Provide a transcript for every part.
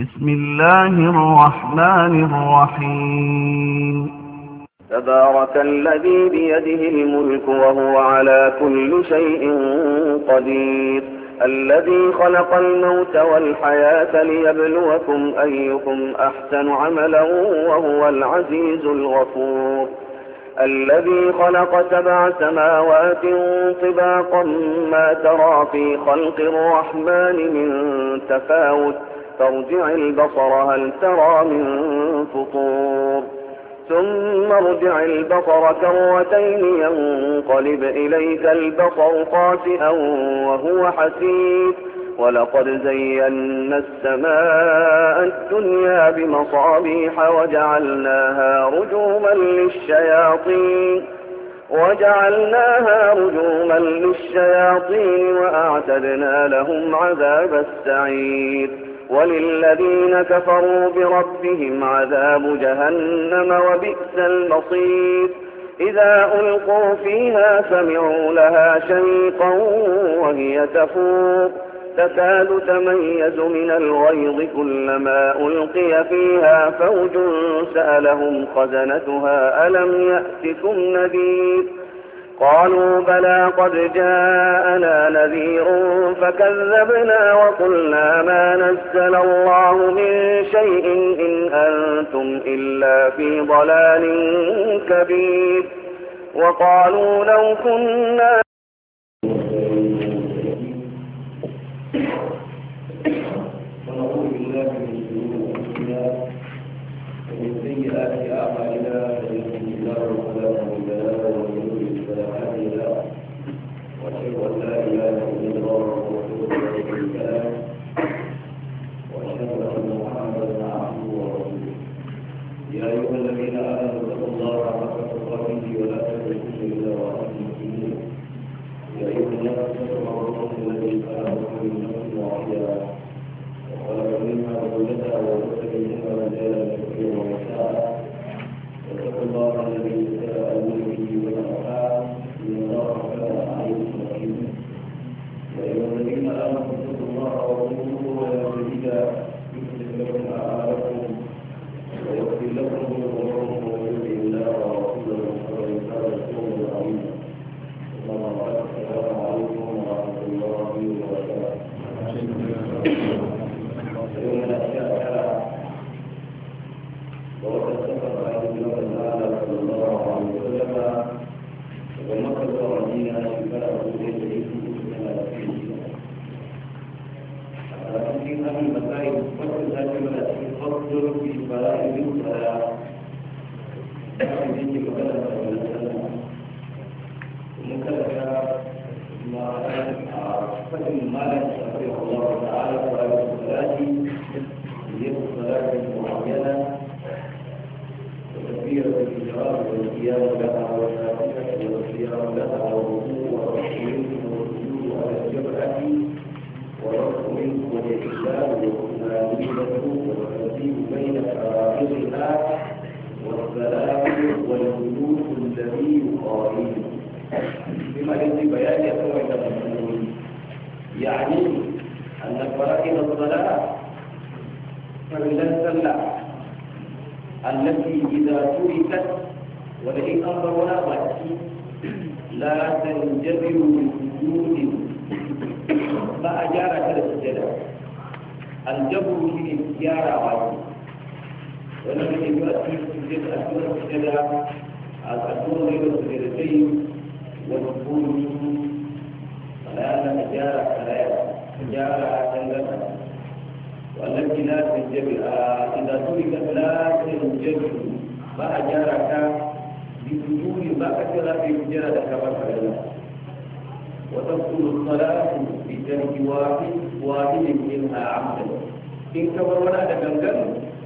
بسم الله الرحمن الرحيم تبارك الذي بيده الملك وهو على كل شيء قدير الذي خلق الموت والحياة ليبلوكم أيكم أحسن عملا وهو العزيز الغفور الذي خلق سبع سماوات طباقا ما ترى في خلق الرحمن من تفاوت فارجع البصر هل ترى من فطور ثم ارجع البصر كرتين ينقلب إليك البصر خاسئا وهو حسيب ولقد زينا السماء الدنيا بمصابيح وجعلناها رجوما للشياطين وجعلناها رجوما للشياطين وأعتدنا لهم عذاب السعير وللذين كفروا بربهم عذاب جهنم وبئس المصير إذا ألقوا فيها سمعوا لها شيقا وهي تفور تكاد تميز من الغيظ كلما ألقي فيها فوج سألهم خزنتها ألم يأتكم نذير قالوا بلى قد جاءنا نذير فكذبنا وقلنا ما نزل الله من شيء إن أنتم إلا في ضلال كبير وقالوا لو كنا faɗin malam shafi Allah yujadu ba a gyara ka bi ba ka ce za ka yi jira da kamar farilla wa amal in ka bar wani da gangan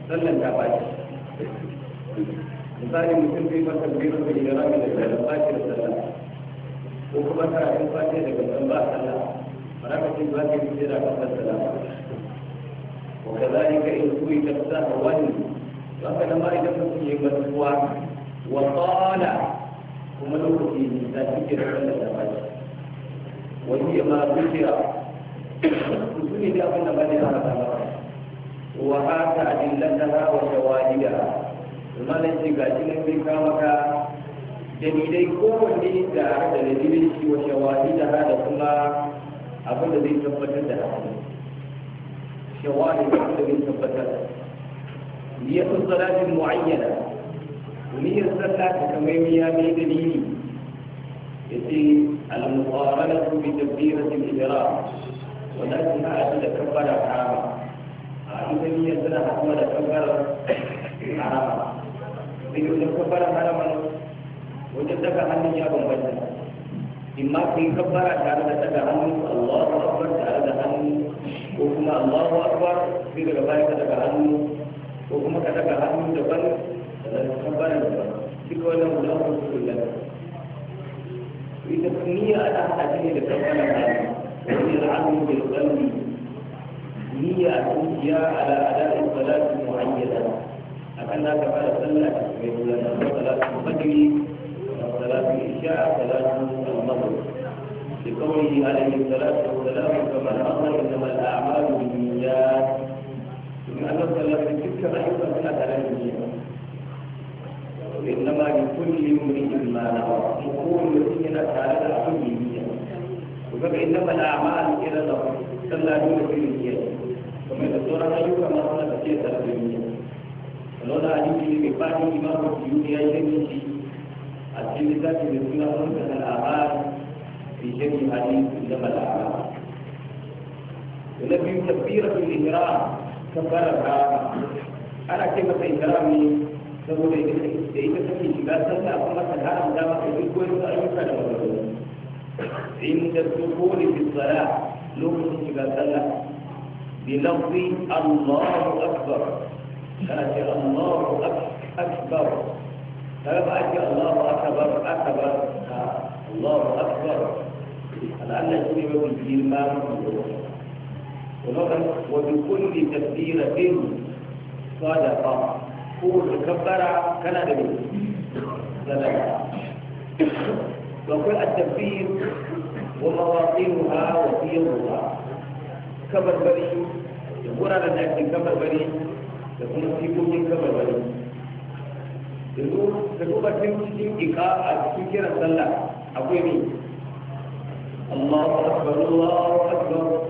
sallan ta baci misali mutum zai masa biyar da jirami da sallan baci da sallan ko kuma karatun fati da gangan ba sallah ba za ka ce za ka yi jira kamar sallah وكذلك don ka dama idan mutum ya yi batuwa wa tsala kuma lokaci ne za su kira sallar da ba wani ya ma zuciya su ne da abin da ba ne a ba wa haka adillataha wa shawahidaha kuma nan ce ga shi nan bai kama ka dalilai kowanne da da dalilin shi wa shawahidaha da kuma abin da zai tabbatar da hakan shawahidaha da zai tabbatar da هي الصلاة المعينة ومية الصلاة كميمية من دليل يتي المقارنة بتبديرة الإجراء ولكن هذا تكبر حرام هذا مية سنة حكم تكبر حرام بيقول تكبر حرام وجدك عني يا ابن بدر إما في كبر جارد تكهن الله أكبر جارد تكهن وكما الله أكبر في الرباية تكهن ko kuma ka daga hannu daban da kabbara daban duk wannan guda ko su da ita niyya ana hada ne da kabbara hannu wani al'amu bil qalbi niyya a zuciya ala ada'in salati mu'ayyada akan da ka fara sallah ta kai wannan salatu fajri salatu isha salatu al-maghrib لقوله عليه الصلاة والسلام كما أمر إنما الأعمال بالنيات domin Allah sallallahu alaihi dukkan ayyuka suna tare da niyya inna ma bi kulli imrin ma nawa mu kowanne mutum yana tare da abin da niyya to kaga inna ma al'amal ila da sallah dole sai niyya kuma da sauran ayyuka ma suna tafiya tare da niyya lona hadisi ne mai fadi imamu biyuni ya yi shi a cikin littafin da suna sunka al'amal في جميع حديث انما الاعمال ونبي تكبيره الاهرام kabbara ba ana kai masa ikrami saboda da ita take shiga sallah kuma ta haramta maka duk wani ayyuka da magana inda dukhuli fi salat lokacin shiga sallah bi lafzi Allahu akbar kana ce Allahu akbar kaga ba ake Allahu akbar akbar Allahu akbar al'alla shi ne mafi girma mafi yawa وبكل تكبيرة صدقة كل كبرة كان دليل صدقة وكل التكبير ومواطنها وسيرها كبر بري يقول على الناس كبر بري يكون في كل كبر بري yanzu ka duba tun cikin ika a cikin kiran sallah akwai ne Allahu akbar Allahu akbar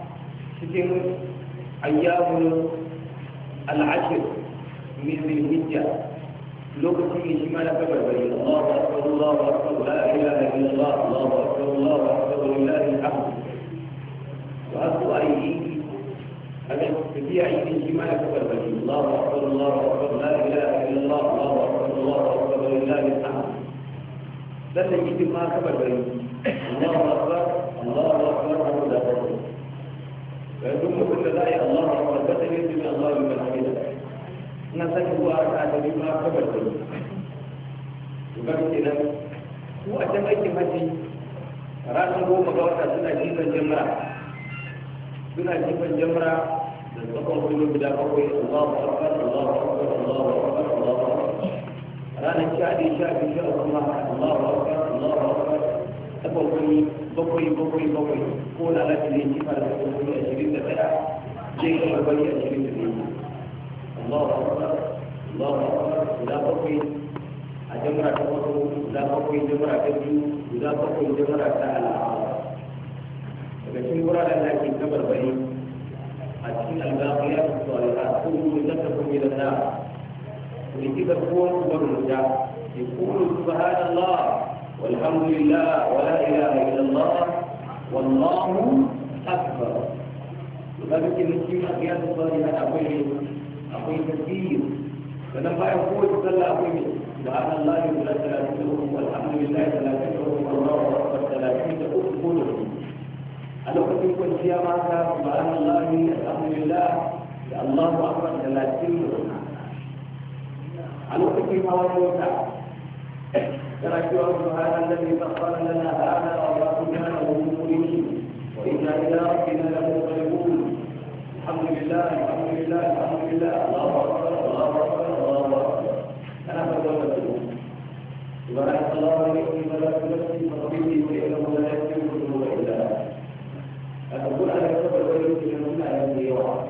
cikin ayyamun al'ashir min zulhijja lokacin ne shi ma na kabar bari Allahu akbar Allahu akbar la ilaha illallah Allahu akbar Allahu akbar lillahi alhamd wa aku ayi هذا في عيد الجمال أكبر بني الله أكبر الله أكبر لا إله إلا الله الله أكبر الله أكبر لله الحمد ده تجد ما أكبر بني الله أكبر الله أكبر da za a yi Allah a rawar da ta yi su ne Allah yi mai hamida na sani zuwa a ta bi ma kabar da yi to ga ke nan ko a can aikin haji ranar goma ga wata suna jifan jamra suna jifan jamra da tsakon kullum guda bakwai Allahu akbar Allahu akbar Allahu akbar Allahu akbar ranar sha biyu sha biyu sha uku ma Allahu akbar Allahu akbar tsakon kullum بوي بوي بوي قول على كلمه فلا تقول يا شريف الله اكبر الله اكبر الله اكبر الله اكبر الله اكبر الله اكبر الله اكبر الله اكبر الله اكبر الله اكبر الله اكبر الله اكبر لكن اكبر الله اكبر الله اكبر الله اكبر الله اكبر الله اكبر الله اكبر الله اكبر الله اكبر الله اكبر الله اكبر الله اكبر الله والحمد لله ولا إله إلا الله والله أكبر لذلك المسلم أبيات الصالحة أقول أقول كثير فلما يقول صلى أقول سبحان الله ولا ثلاثتهم والحمد لله ثلاثتهم والله أكبر ثلاثتهم أقولهم ألو كتبكم فيها معك سبحان الله الحمد لله الله أكبر ثلاثتهم ألو كتبها ولا سنشكرك هذا الذي سخر لنا هذا وما كنا مؤمنين وانا الى ربنا لمنقلبون الحمد لله الحمد لله الحمد لله الله اكبر الله اكبر الله اكبر انا فضلت سبحانك اللهم اني ملكت نفسي فقبلني فانه لا يكفي الذنوب الا انت أقول أنا أكبر ويلك من العالمين يوم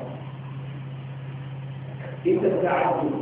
إذا استعدتم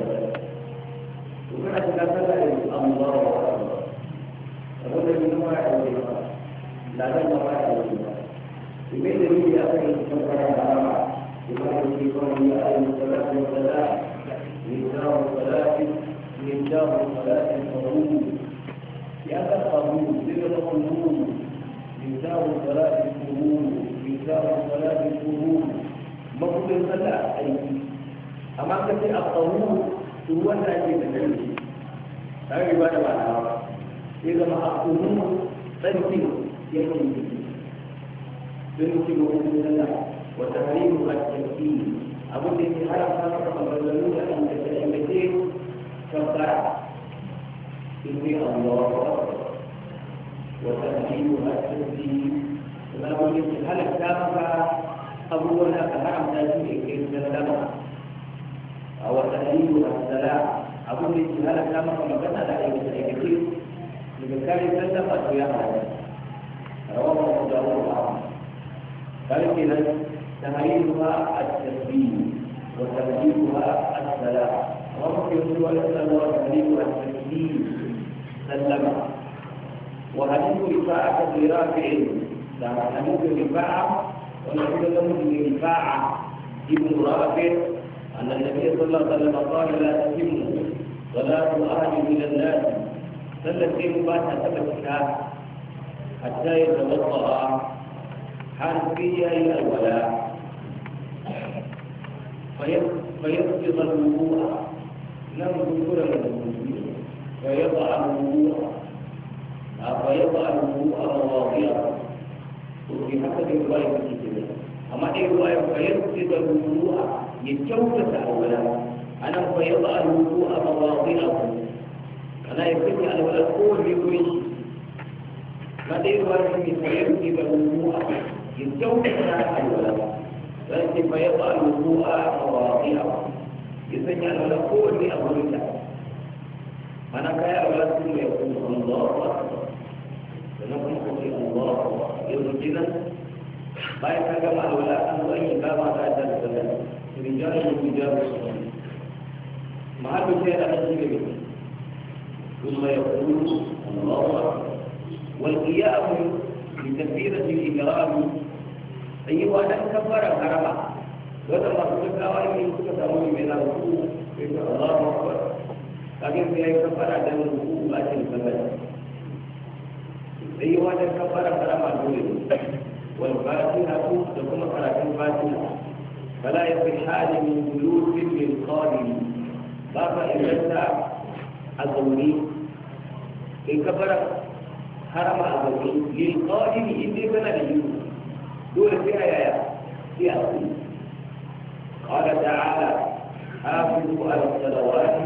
ومن أتكلم الله أكبر أقول لك ما يحوي لا تنسى ما يحوي بمن الذي يأتي سفر العلامة بما يمكنكم من أهل الصلاة والسلام من دار صلاة من دار صلاة قبول يأتى القبول سر القلوب من دار صلاة القبول من دار صلاة القبول مقبل صلاة أيدي أما كثير القبول to wanda ake da dalili tare da bada ba nawa sai zama a kuma tsarki ya kan yi don mutum ga wani nuna wa tarihi a tsarki abin da ke haramta maka maganganu da an da ta yanke kabbara in ne Allah wa tarihi a tsarki kuma abin da ke halatta maka abubuwan da ka haramta su ne kai da dama أو وتأليل والسلام أقول لك هذا الكلام كلامك مبنى لأي كثير لبكاري سلفة ويعلم رواه أبو داود وأحمد قال كذا تمييزها التسبيح وتمييزها السلام وممكن يقول السلام والتمييز والتسبيح سلم وهديه رفاعة في برافع هديه رفاعة ونحن له رفاعة ابن رافع أن النبي صلى الله عليه وسلم قال لا تتم صلاة الأهل إلى الناس سلت فيه بعد تمسكها حتى يتوضأ إلى الولاء فيسقط الوضوء لم يذكر الوضوء فيضع الوضوء فيضع الوضوء مواضعه وفي حسب رواية كتير أما أي رواية فيسقط الوضوء يتكوت أولا أنا فيضع الوضوء مواضعه أنا يكون على ولا قول يقول ماذا يرى في فيرتب الوضوء يتكوت أولا لكن فيضع الوضوء مواضعه يسمي على ولا قول لأمرته أنا كأي أولاد يقول الله أكبر لنكم قل الله أكبر يرجنا ما يتكلم على anu ini bawa باب dalam الكلام رجال ورجال صالحين مع الرجال أجمل ثم يقول الله أكبر والقيام بتكبيرة الإكرام أيها أن كبر الحرم وذا ما سبق أوائل من كتابه من الله أكبر لكن في أي كبر عدم الوقوف بعد الفجر أيها أن كبر الحرم دون والفاتحة تكون قراءة الفاتحة فلا يصحان من جلوس للقائل باب إذا الضمير إن كبر حرم الضمير للقادم إذا كان لجلوس دول فيها يا فيها الضمير قال تعالى حافظوا على الصلوات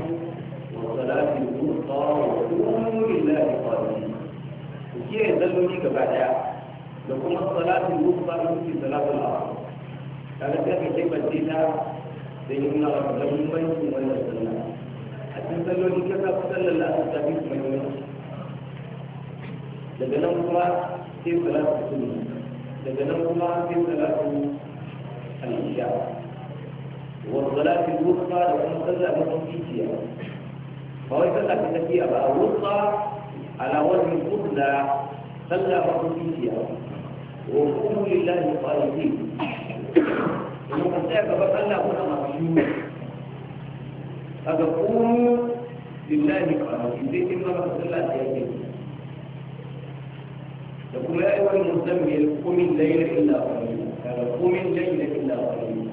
والصلاة الوسطى وقوموا لله قادمين وكيف يدلني كبعدها لكم الصلاة الوسطى في صلاة الأرض kaga sai ka kebance ta da yi nuna wata da muhimmancin wannan sallah a cikin salloli ka sa kusan lalla a tafi muhimmanci daga nan kuma sai salatu sunna daga nan kuma sai salatu al-isha والصلاة الوسطى لو أن صلى منهم إيجيا فهو يصلى في تكية بقى الوسطى على وجه القبلة صلى منهم إيجيا وقوموا لله قائمين kuma tsaya gaban Allah kuna masu yi ga kuma lillahi kawai sai kin ma sallah da yake da kuma ya yi wani musamman kumin laila illa wani kaga kumin laila illa wani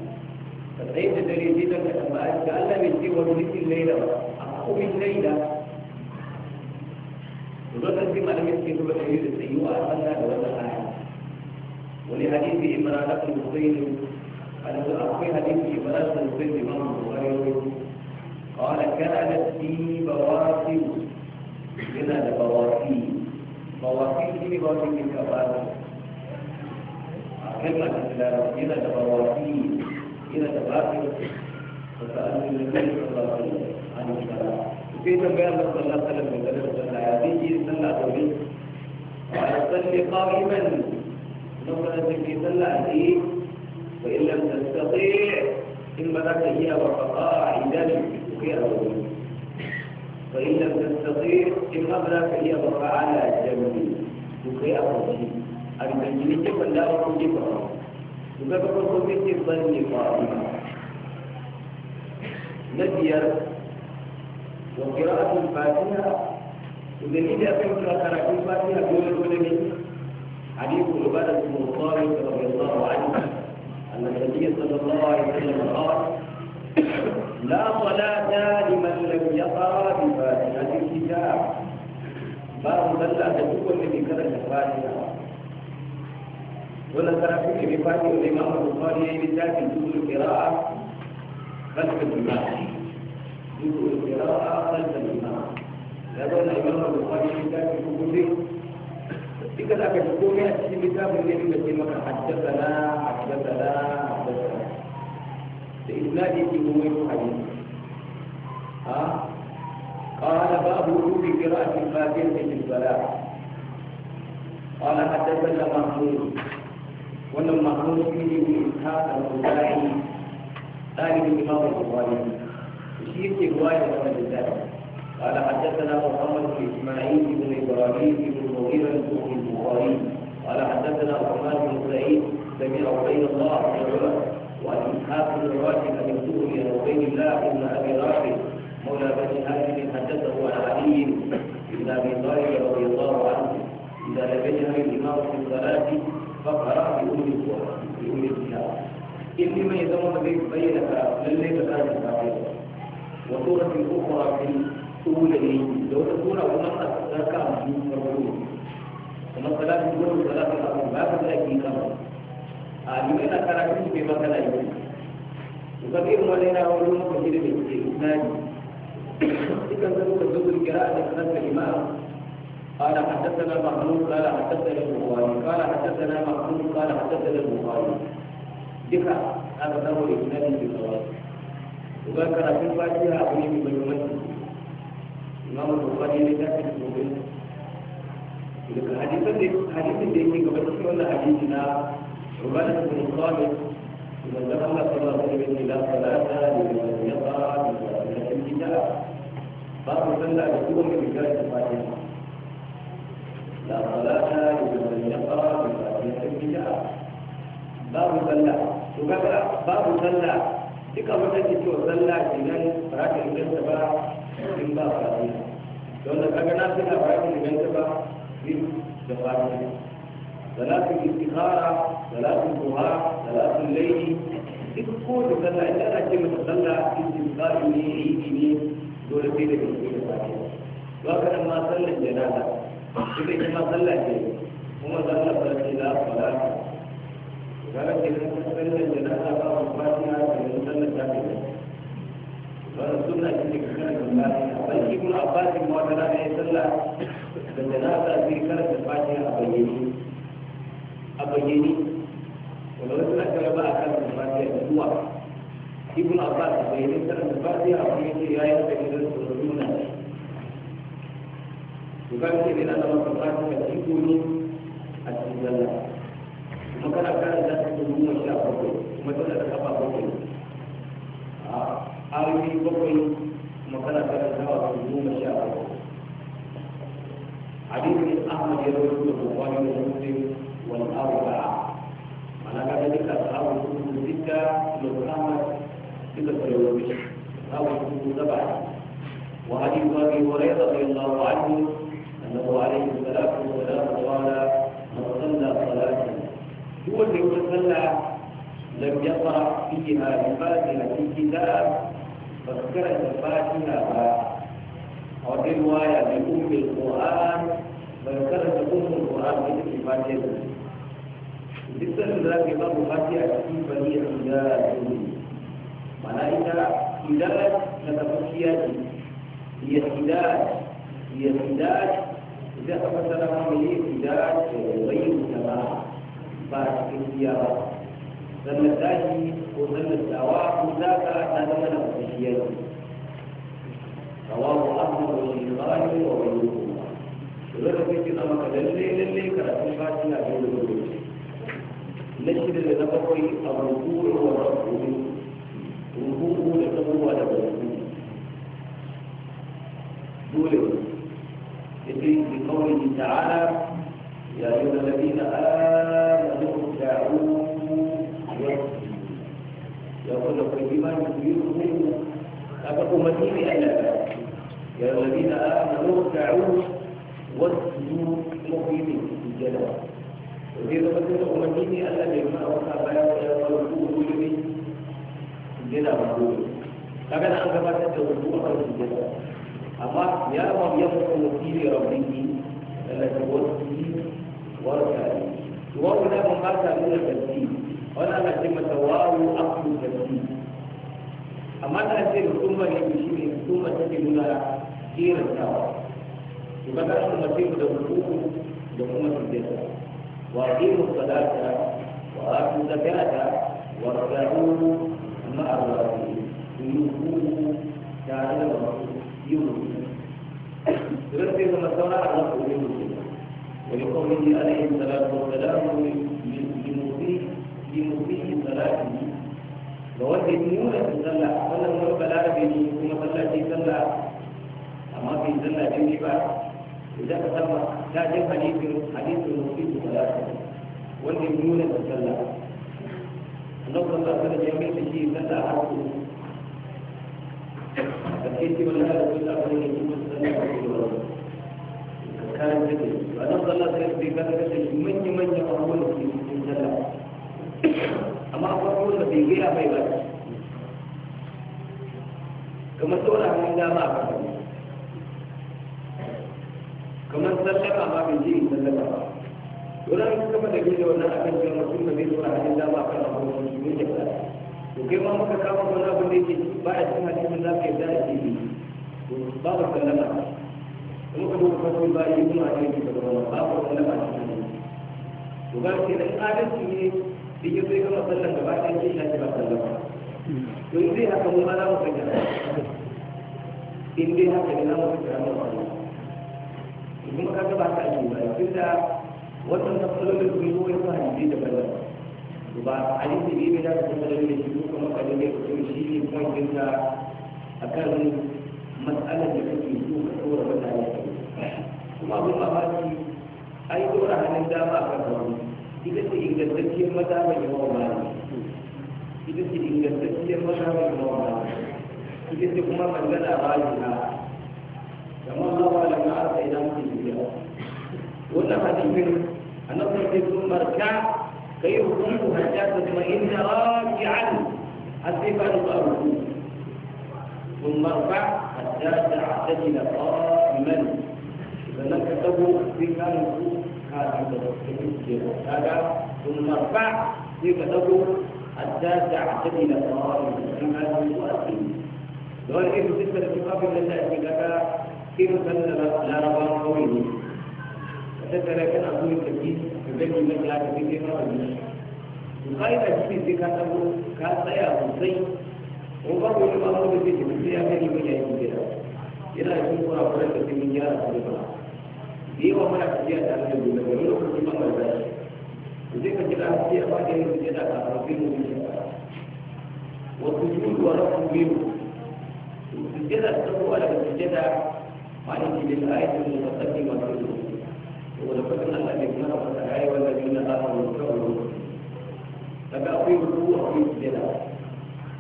ka tsaye da dare sai don ka tabbata ga Allah bai ce wani nufin laila ba a kumin laila lokacin malamin ke zuba da yi da tsayuwa a sallah da wannan ولحديث امرأة المقيم في حديث امرأة المقيم إمام البخاري قال كانت في بواسل من لبواسل بواسل في بواسل كفاله كلمة من لبواسل من لبواسل فسألني النبي صلى الله عليه وسلم عن الصلاة في تنبيه صلى الله عليه وسلم من ثلاث صلى الله عليه وسلم ويصلي قائما نقول في سلة وإن لم تستطيع إن لك هي وفقاء عدد في أولي وإن لم تستطيع إما لك هي وفقاء على جنبي وهي أولي الجنين جبل لا أقول جبل وكيف أقول بنت الظن فاطمة نبيا وقراءة الفاتحة ودليل أن قراءة الفاتحة دون دون حديث عبادة بن الطالب رضي الله عنه أن النبي صلى الله عليه وسلم قال لا صلاة لمن لم يقرأ بفاتحة الكتاب باب من لا تكون بذكر الفاتحة ولا ترى في بفاتحة الإمام البخاري بالذات جزء القراءة خلف الإمام جزء القراءة خلف الإمام هذا الإمام البخاري بالذات في duk da zaka ga komai a cikin littafin ne da ke maka haddathana haddathana da illa ne ke komai ko hadisi ha qala ba abu rubi qira'at al-fatiha fi al-salat qala haddathana mahmud wannan mahmud shi ne ke ta da al-qur'ani tsarin imam al-bukhari shi ke ruwaya da wannan littafin قال حدثنا محمد بن اسماعيل بن ابراهيم بن مغيره بن البخاري قال حدثنا عثمان بن سعيد سمع عبيد الله بن عمر وعن اسحاق بن راشد بن سوريا وبين الله بن ابي راشد مولى بني هاشم حدثه عن علي بن ابي طالب رضي الله عنه اذا لبثها الامام في الصلاه فقرا بام بام الكتاب إذ ما يزمون بينك بينك ليس كانت الكافرة وسورة أخرى في الأولى لو تكون هناك ذكاء في الأولى kuma salatin gudu salatin abu ba ka da ki kama a liman na karatun shi bai baka lafiya to ka irin wani yana wani lokaci da bai ke isnadi dukkan zama ka zubin kira da kanar da imam قال حدثنا محمود قال حدثنا البخاري قال حدثنا محمود قال حدثنا البخاري duka aka samu da kina da kawo uga karatun fatiha abu ne mai muhimmanci imamu bukhari ne daga da hadisin da yake gaba cikin wannan hadisi na Rubana ibn Khalid idan da Allah sallallahu alaihi wa sallam la salata liman yaqra bi salatil kitab babu sallah da kuma mai riga da fatiha la salata liman yaqra bi salatil kitab babu sallah to kaga babu sallah duka wata ke cewa sallah kenan rakin da ba in ba na da من جفاته ثلاث الاستخارة ثلاث الظهار ثلاث الليل تكون مثلا إذا أنا كلمة صلى استذكار لي عيدي دولة في ذلك وكان ما صلى الجنازة إذا ما صلى شيء وما صلى فلا صلاة وكان كلمة صلى الجنازة فهو فاتحة من صلى الجنازة wannan sunna ce da kan da bal ibn abbas ma wata da ya sallah da janaza zai da fatiha a bayyane a bayyane wanda wasu na ba a karanta fatiha da zuwa ibn abbas a bayyane da fatiha a kuma yake yayi da gidan sunna to kan ce ne na zama fatiha da iko ne a cikin zalla kuma kana karanta ta goma sha bakwai kuma tana da kafa bakwai a ayoyi bakwai kuma kana karanta ta goma sha bakwai حديث أحمد يروي البخاري ومسلم والأربعة معنى ذلك أصحاب الكتب سته كتب أحمد كتب اليومي أصحاب الكتب سبعة وحديث أبي هريرة رضي الله عنه أنه عليه الصلاة والسلام قال من صلى صلاة هو اللي صلى لم يقرأ فيها بفاتحة في كتاب فذكرت الفاتحة وفي رواية بأم القرآن bai karanta kusurin ƙoran da yake fatiya da duk sanin da babu fatiya a cikin bari a da tuni mana ita hidayat na ce ya hidayat ya hidayat idan aka tsara mamu ya hidayat da bayin da ba ba a cikin biya ba sannan tashi ko sannan dawa ko zaka ta a cikin. tafakiya ce رواه أحمد والشيخان وغيره to zai kai kina maka lalle lalle karatun fatina bai da lokaci na shida da na bakwai a rukuru wa rukuru rukuru da tabuwa da rukuru dole yake bi kawai ta'ala ya yi wa ladina amanu da'u ya kula kai imani ku yi rukuru kaga umarni ne Allah ya yi wa ladina amanu da'u wasu muhimmin sujada zai zama sai da ne Allah bai wata ya fara ne ba kaga an da ko amma ya ba ya fara ne ta ne na ban ba ta nuna ce mata wawu amma ta ce da kuma ne shi ne kuma take nuna tawa لماذا أنا المسيح ده وجوده لأمة الجنة وأقيموا الصلاة وآتوا الزكاة واركعوا مع الراكعين يوفوه تعالى يوفوه ترتب المسارع على قلوب ولقوله عليه الصلاة والسلام لمسيء لمسيء صلاته ووجه نيونة صلى صلى الله عليه وسلم صلى في صلى أما في صلى جنبه idan ka sama ta je hadisin hadisin musulmi da wanda ya nuna da sallah annabi sallallahu alaihi wasallam ya mai shi sallah har ku da kai ce wallahi da sallah ba ne kuma sallah ba ne ba karan da ke ba nan sallah sai sai ka ga shi manya manya abubuwan da ke cikin sallah amma abubuwan da bai gaya bai ba kamar sauraron dama a kasance sallama ma bai je sallama ba dole an kuma da gida wannan akan cewa mutum da bai zuwa hadin dama kan abu da shi ne da to kai ma muka kama wani abu da yake ba a cikin hadisin za ka yarda da shi to babu sallama kuma ka duba kawai ba yi kuma a cikin da ba babu sallama a cikin to ga ke da adalci ne da ke sai kama sallan gaba ɗaya ke shafi ba sallama to in zai haka ba za mu kanya in dai haka ne na mu kanya mu kanya kuma ka gaba ta yi ba sai da wannan matsalolin sun yi wani fahimci da bala ba a yi da bibi da kuma da ne shi kuma ka da ne ko shi ne point din da akan matsalar da kake so ka tsora mutane kuma abin mamaki ai dora hannun dama a kan hannu ita ce ingantacciyar maza mai yawan ita ce ingantacciyar maza mai yawan mali ita ce kuma manzana ba yi na kamar hawa da na arsa idan الجهاد وإنما تنفر أن نصر ثم اركع كي يقوم حتى تطمئن راجعا حتى فارق ثم ارفع حتى تعتدل قائما فلك تبو بك هذا هذا ثم ارفع بك تبو حتى تعتدل قائما كما هو أسلم لو أن إبن تسر في لك كيف تلقى لاربان قوي فتترى كان أقول كثير فبين من لا كثير كيف أقول وقائد أجيب إذا كانت أقول كانت أيها مصري وبرضه لما أقول بذلك بسيئة كان يمين يجب كده إلا يكون قرى قرى كثير من جارة قريبا دي ومنا كثير تعمل بذلك ولو كثير ما قرر ذلك وذلك كده كثير ما كان يجب كده كان رفيل من والسجود ورفض منه السجدة لك عليه بالآية المتقدمة ولقدنا الذين وتعالى والذين آمنوا اتقوا فبقوا القوة في الجلال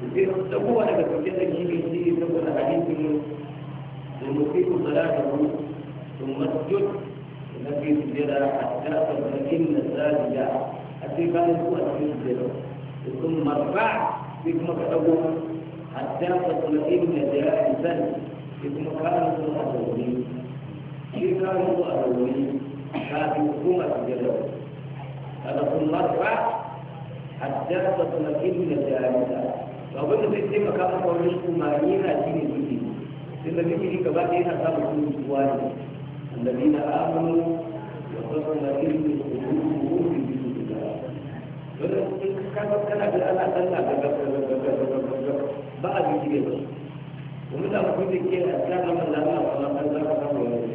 وفي القوة أنا بكتب جيبي سيدي تقول حديث المسيء صلاته ثم اسجد الذي سجد حتى تستقيم الساجدة حتى كان القوة في الجلال ثم ارفع بكم كتبوها حتى تستقيم جلال الساجدة kuma kayan zuwa a rauni shi kayan zuwa a rauni kafin hukumar jirgin kada kun marra haddasa kuma inda jami'a abin da zai taimaka maka wani umarni na shi ne zuke tun da kake gaba ɗaya yana samun kuwa ne الذين آمنوا وتصل إلهم قلوبهم بجنود الله فلو كانت كانت الآن أتلنا بعد كده بس domin da akwai da ke a cikin zaman da ana fara kan za ka samu wani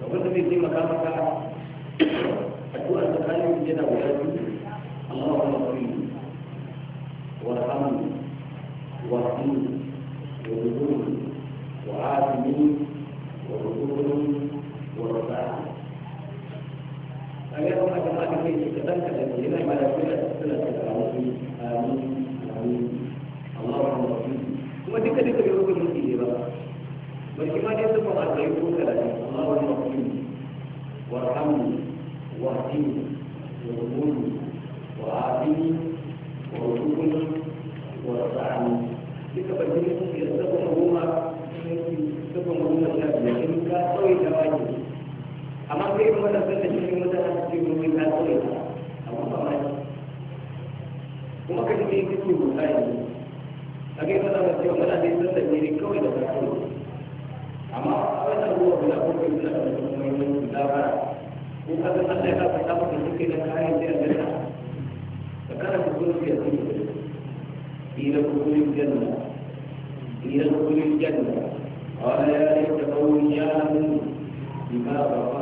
da wanda zai taimaka maka addu'a tsakanin yana guda biyu Allahumma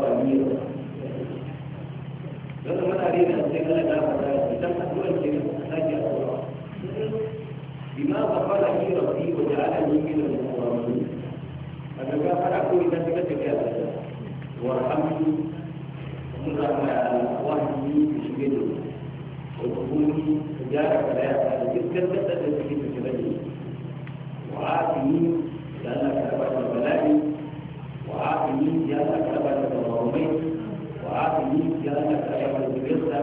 قليلا لو لي ربي وجعلني من المكرمين أنا غفر أقول إذا سكت وارحمني ومن رحمة وحدي بشكله وقبولي تجارة لا يفعل تلك المسألة التي تشغلني وعافني لأنك أبعد بلائي وعافني لأنك وأميت وآتني جنتك أيها الفردوس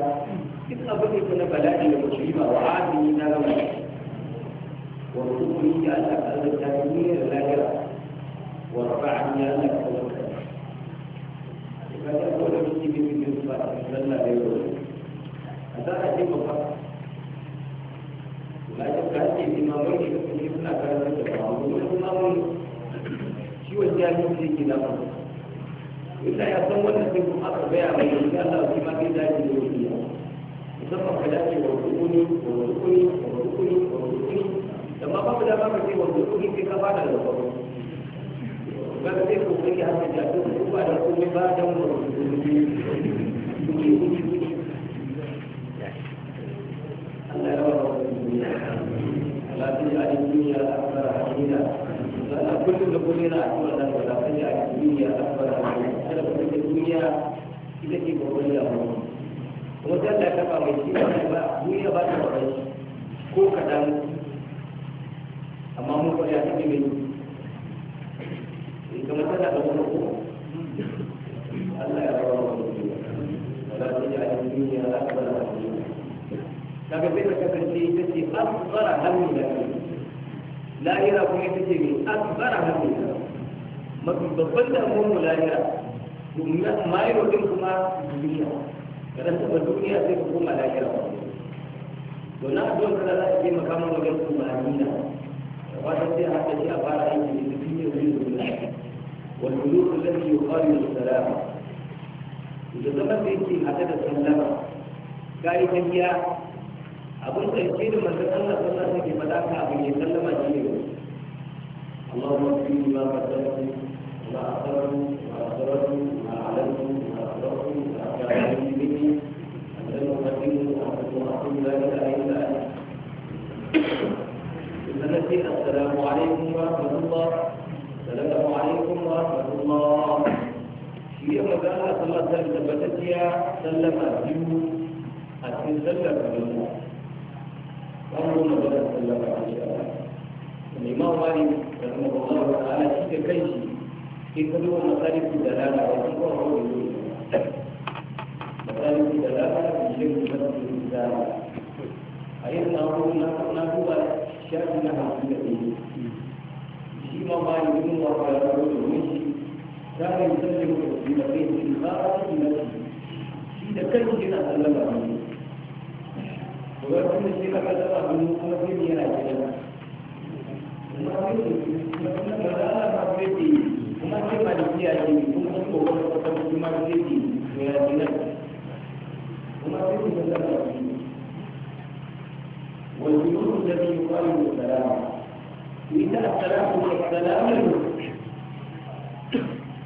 إذ أبدت لك بلادي ومسلمة وآتني نارا وارزقني جعلك أرض التأمير الآخرة وارفعني أنك أول فلا أقول بسم الله صلى الله عليه وسلم هذا حديث فقط لا تبقى في نظرك في ابنك رجل معروف نظر شو الجاهل في كلامه illa ya san wannan sai kuma aka gaya mai yanzu Allah shi ma zai dace da wani ya musamman ka dace wa rukuni wa rukuni wa rukuni wa rukuni da ma babu dama ka ce wa rukuni sai ka fara da rukuni ba ka sai kokari ki haka da duk ba da komai ba dan wa rukuni Allah ya rawa wa Allah ya yi duniya akbar hamida Allah kullum da kullum yana addu'a da Allah ya yi duniya akbar hamida da wata duniya ita ce babban damuwa kuma ta ta taba mai shi wani ba duniya ba ta wani ko kaɗan amma mun kwaya ta yi eh, kamar tana da wani ko Allah ya rawa wa mutum wala ta ji a ka da kai lahira kuma ita ce mai asbara hannun da kai babban damuwar mu lahira mayo din kuma duniya kada ta ba duniya sai ku koma lahira to na don kada za a je makaman wajen kuma amina wata sai a haka shi a fara aiki da cikin yau zai zuwa wal qulub allati yuqalu as da zama da yake hada da sallama kai tafiya abin karshe da manzon Allah sallallahu alaihi wasallam ke faɗa ka abin ya sallama shi ne Allahumma salli wa sallim wa barik wa السلام عليكم ورحمة الله السلام عليكم ورحمة الله في مدى صلى سلمتك يا سلم أبيو أكن سلم أبيو أمر سلم أبيو الإمام مالك رحمه الله تعالى شيك كيشي kitabu wa masalifu dalala wa kikwa huo ni nini masalifu dalala ni shimu za kutuzana aina na huo na kuna kuwa shati na hafuja kini shima wa yunu wa kwa kwa kwa mwishi kama yusani kwa kwa kwa kwa kwa kwa kwa kwa kwa kwa kwa kwa kwa kwa kwa kwa Gracias. kuma sai ba da kiyaye ne kuma sun kokon kwata kuma zai ke ya ji nan kuma sai su zama da الذي يقال السلام إذا السلام والسلام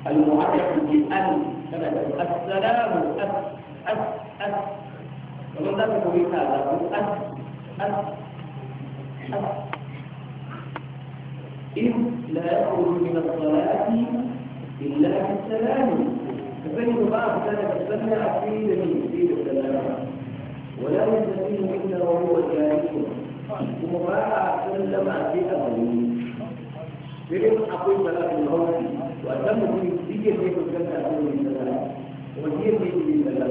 المعرف بالأن السلام أس أس أس ومن ذلك هذا أس أس أس إذ لا يخرج من الصلاة إلا بالسلام فبين بعض كان تسمى في دليل السلام ولا يستفيد إلا وهو جاهل وما سلم في أمره بين أقول صلاة الهوى وأتم في الدية في السلام وهي في السلام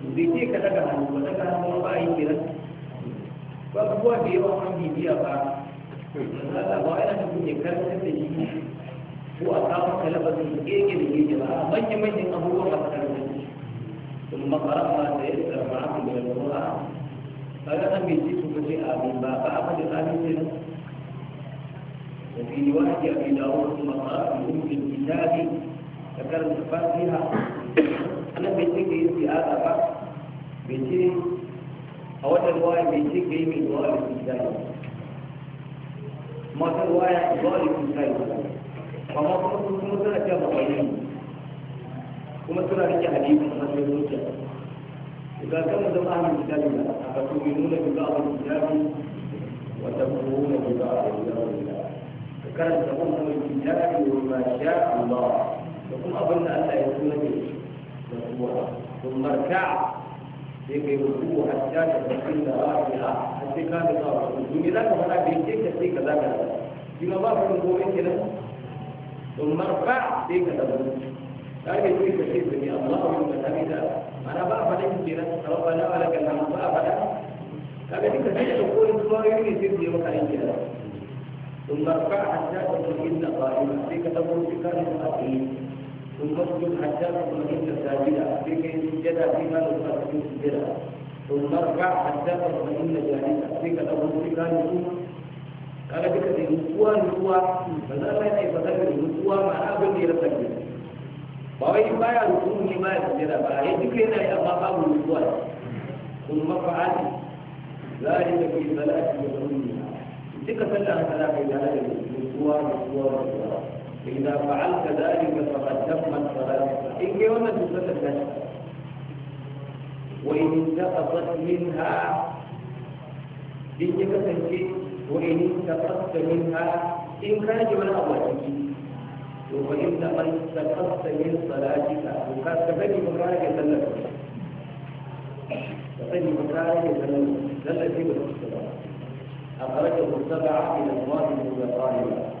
bai ka daga hannu ba daga hannu ba a yi kiran ba abubuwa da yawa man bibiya ba Allah ba yana da kuke karanta da shi ko a kawo kalabar da keke da keke ba a manyan manyan abubuwa ba karanta da shi kuma makaranta da ya tsara ma'amu da yawa ba ga an bai ce su a abin ba ba a fadin abin ce nan وفي رواية أبي داود ثم قرأ من أم الكتاب ذكر الفاتحة annan bai ce ka yi siyasa ba bai ce a wata ruwaya bai ce ka yi mai zuwa da su zai mata ruwaya zuwa da su zai amma kuma su kuma suna cewa mafari kuma suna rike hadisi a matsayin zuciya إذا a زمان من كتاب الله فتؤمنون ببعض الكتاب وتكفرون ببعض الله فكانت تقوم بالكتاب وما شاء الله يقول أظن أن لا يكون به ثم اركع sai kai ruku hatta ta tafi da rafi'a har sai ka da zuwa ruku ne za ka fara bai ce ka sai ka zaka shi ma ba farin gobe kenan sun marfa sai ka zama ka ga ce ka ce bani Allah wa yumma hamida mana ba fara kenan rabbana wa lakal hamd ba fara ka ga duka sai da kowane zuwa yuni yi maka aiki ثم اسجد حتى تطمئن ساجدا بكي سجد فيما لو تكون ثم اركع حتى تطمئن جالسا بك تقول بك نسوا kaga duka da nutsuwa nutsuwa ba za a yi fasar da nutsuwa ma na abin da ya rasa ke ba wai baya rukunin ne baya sujada ba ya duka yana yi amma babu nutsuwa kun mafa'ali za a yi da da da فإذا فعلت ذلك فقد تمت صلاتك إن كنا تصلى الناس وإن انتقصت منها إن كتنك وإن انتقصت منها إن كان جمال أولك وإن انتقصت من صلاتك وكان تبني مكانك سلك تبني مكانك سلك أخرجه السبعة إلى الله المتقاربة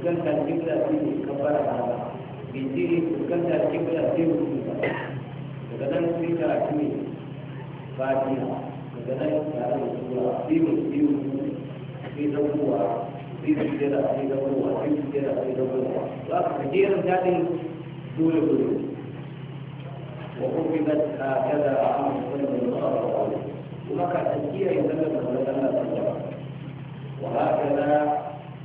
كنت الكبلة فيه كبر هذا بيجي كنت الكبلة فيه كبر فكذا في كراكمي فاتحة فكذا يسأل السورة في مسيو في دبوة في سجدة في دبوة في سجدة في دبوة فكثير ذلك دول دول وقربت هكذا عام صلى الله عليه وسلم ومكة تسكية يسلم الله وهكذا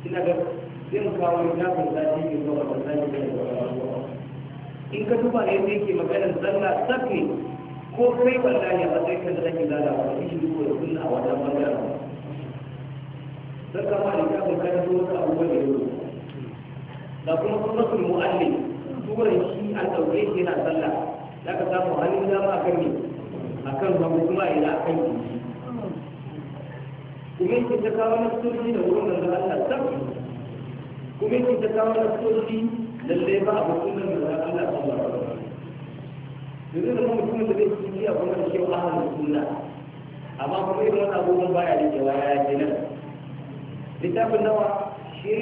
Ina ga zai mu kawo littafin zafi ne zuwa ga zafi ne zuwa in ka duba ne zai ke maganar zalla safi ko kai wallahi a matsayin kan da zaki zala ba shi ne ko da kunna a wannan bangaren zaka ma littafin kan zo ka abubuwa da yau da kuma sunnatul mu'allim suran shi an dauke shi yana sallah zaka samu hannun dama akan ne akan ba kuma ina akan shi kuma yake ta kawo nasoji da wurin manzo Allah sam kuma yake ta kawo da zai ba abu kuma manzo Allah sallallahu alaihi wasallam yanzu da mutum da zai ci a kuma da shi ahlul sunna amma kuma irin wannan abubuwan baya da cewa ya nan littafin nawa shi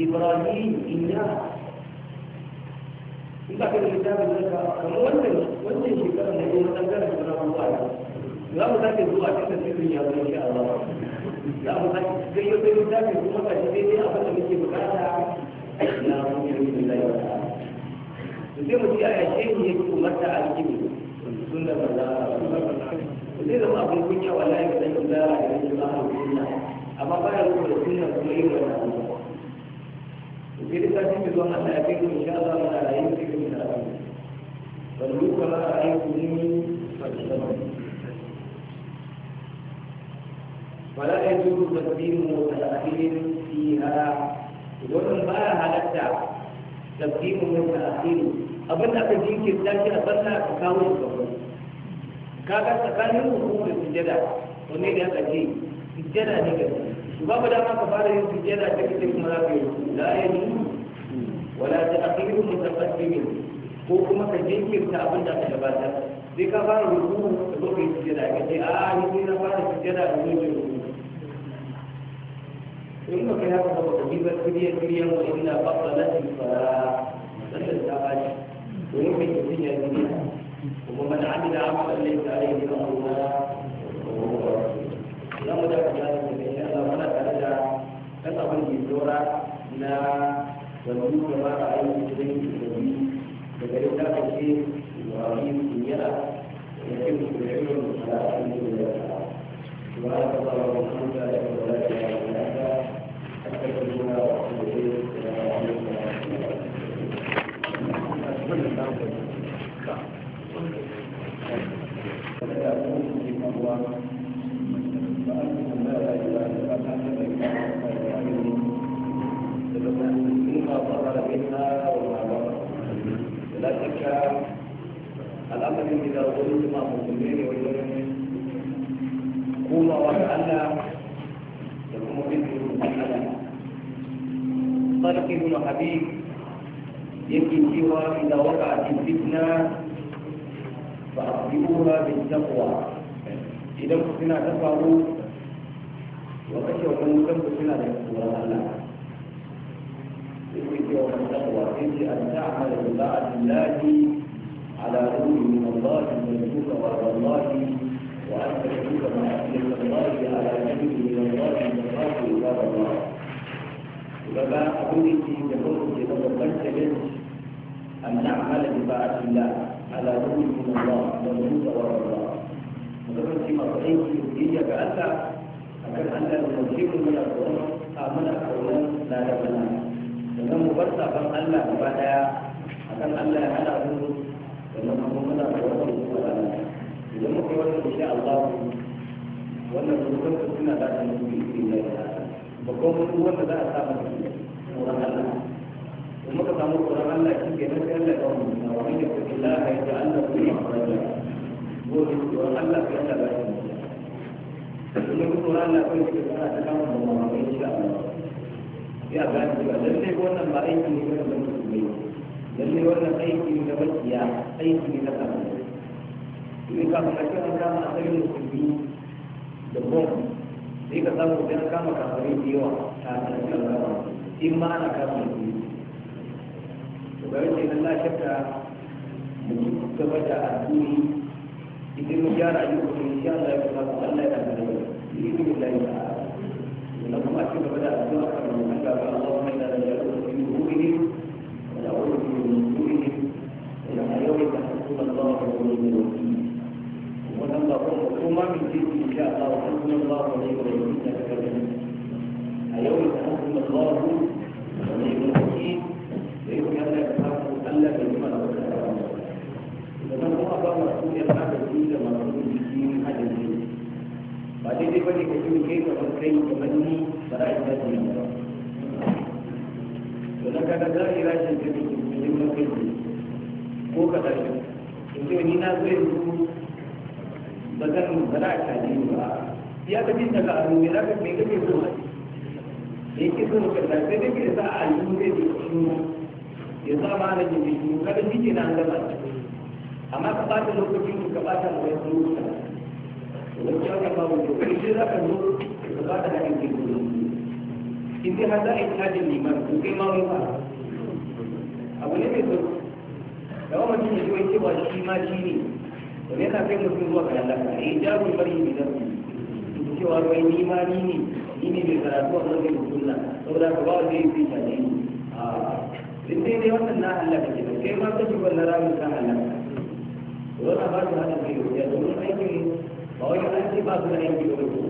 ibrahim inya in ba ka da littafin zaka kamar wannan wannan shekarar da ya yi wani ɓangaren da na za mu sake zuwa cikin sirrin ya zo insha Allah za mu ga gayyato littafin kuma ba shi daidai abin da muke bukata na mutum da zai wata to sai mu ci a yashe ya kuma ta alkimi sun da ba za a zama abin kunya wallahi ga dan da da ba a sunna amma ba ya rubuta sunna kuma yin wannan abu to sai da sai mu zo Allah ya kai mu insha Allah mu na rayuwa cikin da wani kuma ra'ayi kuma fa يجوز تقديم وتأخير فيها wannan baya halatta تقديم وتأخير abin da aka jinkirta shi a banda ka kawo shi gaban kaga tsakanin ruku da sujada wanne da aka ce sujada ne ga babu dama ka fara yin sujada ta kace kuma ka yi ruku la ya ni wala ta akhiru mutaqaddimin ko kuma ka jinkirta abin aka gabatar sai ka fara ruku da kuma ka yi sujada ce a ni na fara sujada da zai إما كان هو تجيبا كبيرا كبيرا وإلا بطلت الصلاة مثل الزواج ويمكن الدنيا الدنيا ومن عمل عملا ليس عليه أمرنا وهو لا مدافع هذا إن شاء الله ولا ترجع كتب الجزورة لا والجود ما رأيت إليه النبي فكيف تشير إبراهيم إياه في العلم على أمر الله سبحانك اللهم وبحمدك أشهد أن لا إله إلا أنت الأمر إذا قلت ما مسلمين وإذا قوم وتعالى ibn habib yake cewa idza waqa'at fitna fa asbihuha bit taqwa idan ku suna ta faru wa kashe wani mutum ku suna da tsoron Allah yake cewa man taqwa yake an ta'mal على أمر من الله يرجوك وعلى الله وأن تشرك مع الله على نبي من الله من الله الله gaba abin da ke da kuma ke da babban challenge an na'amala bi ba'atillah ala ruhin min Allah da ruhin da wa Allah musamman ce masu aiki biyayya ga Allah akan Allah da mutum muna tsoron a muna tsoron lalata da zan mu bar sabon Allah gaba daya akan Allah ya hada mu da nan kuma muna tsoron lalata idan muka yi insha Allah wannan rukun suna da ta mutum ne babban wani wanda za a samu tsoron Allah in muka samu tsoron Allah shi ke nan sai Allah ya kawo na yi da Allah yi gobe tsoron Allah mutum in tsoron Allah yi ta kama da shi. ya cewa lallai wannan ba aiki ne wanda mutum ne lallai wannan aiki ne na aiki ne na kamar an kama da bomb sai ka samu sai kama kafari da yawa ta tsarin kalmawa in ma ana kama da biyu to bari sai nan lafiyar ta mutum gaba da addini idan mu gyara ko in sha Allah ya kuma Allah ya tabbata da ni ta Allah kuma ci gaba da addu'a kan Allah ya Allahumma inna nas'aluka وما من ذكر إن شاء الله وحكم الله عليه وسلم أيوم تحكم الله hannu ka ke sa a yi ya sa ma kada shi ke nan amma ka bata lokacin ka bata mai ka ba kai za ka zo ka bata da in har za a yi ko kai ma ba abu ne mai da wani mutum ya shi ma shi ne kai mutum zuwa ga lalata ka yi eh, jaru bari ne da su cewa wai ni ma ni ne ni ne mai karatu a kan gina saboda ka ba wa zai fi ta ni ah, duk dai dai wannan na halaka ke kai ma ka shugaban na ramin ka halaka wani ba su hada kai ya domin aikin ba wani an ce ba su da yanki da wani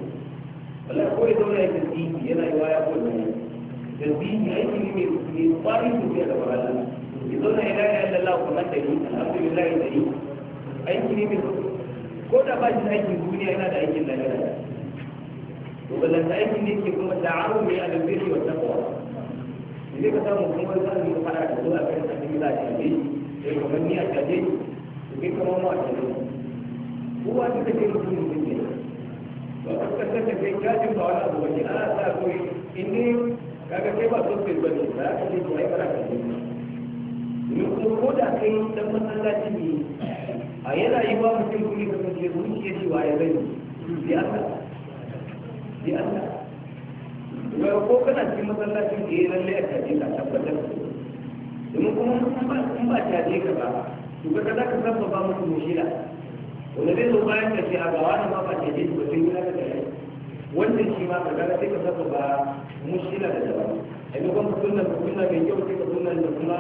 wala ko ya zauna ya tasiri yana yi waya ko da aiki aiki ne mai kwarin tafiya da ya zauna ya da Allah kuma alhamdulillah aiki ne mai ko da ba shi aikin duniya yana da aikin lahira to ballan ta aiki ne ke kuma ta'awun ne a wa takwa ne ka samu kuma wani sanin fara da zuwa kan sa ne za ta yi sai kamar ni a kaje to kai kamar mu a kaje kowa ta kaje mutum ne ne ba ka kasance kai kajin ba wani abu wani ana sa ko in ne kaga kai ba sosai ba ne za ka kuma ya fara kaje ne kuma ko da kai dan masallaci ne a yana yi wa mutum kuma kasance mun shi wa ya zai yi sai ji Allah ga ko kana cikin masallacin da ya lalle a caje ka tabbatar domin kuma mun ba caje ka ba to ka za ka saba ba musu mushila wanda ne zo bayan ka ce a gawa na ma ba caje ka sai ka tare wannan shi ma ka ga sai ka saba ba mushila da dawa a yi kuma kunna ka sunna mai sai ka sunna da kuma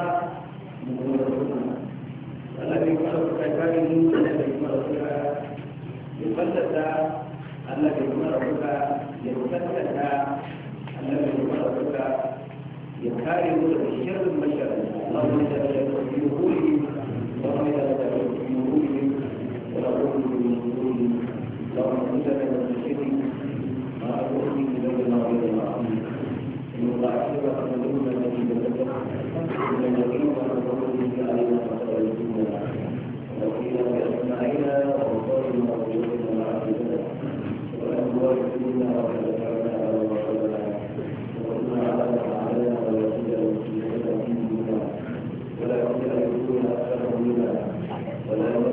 Allah ne kuma ka kai kare mu da kuma ka ya fallata Allah ne kuma يتسلى النبي صلى الله عليه وسلم الشر المشر اللهم اجعل الشر في نقولهم اللهم اجعل الشر في نقولهم ونقول من نقولهم اللهم انزل من الشر ما اقول من ذنب الله غير العظيم ان الله اكبر فمنهم الذي تزكى من الذين تفضلوا به علينا فقد يكون لنا وقيل باسماعيل وقول وقول ولا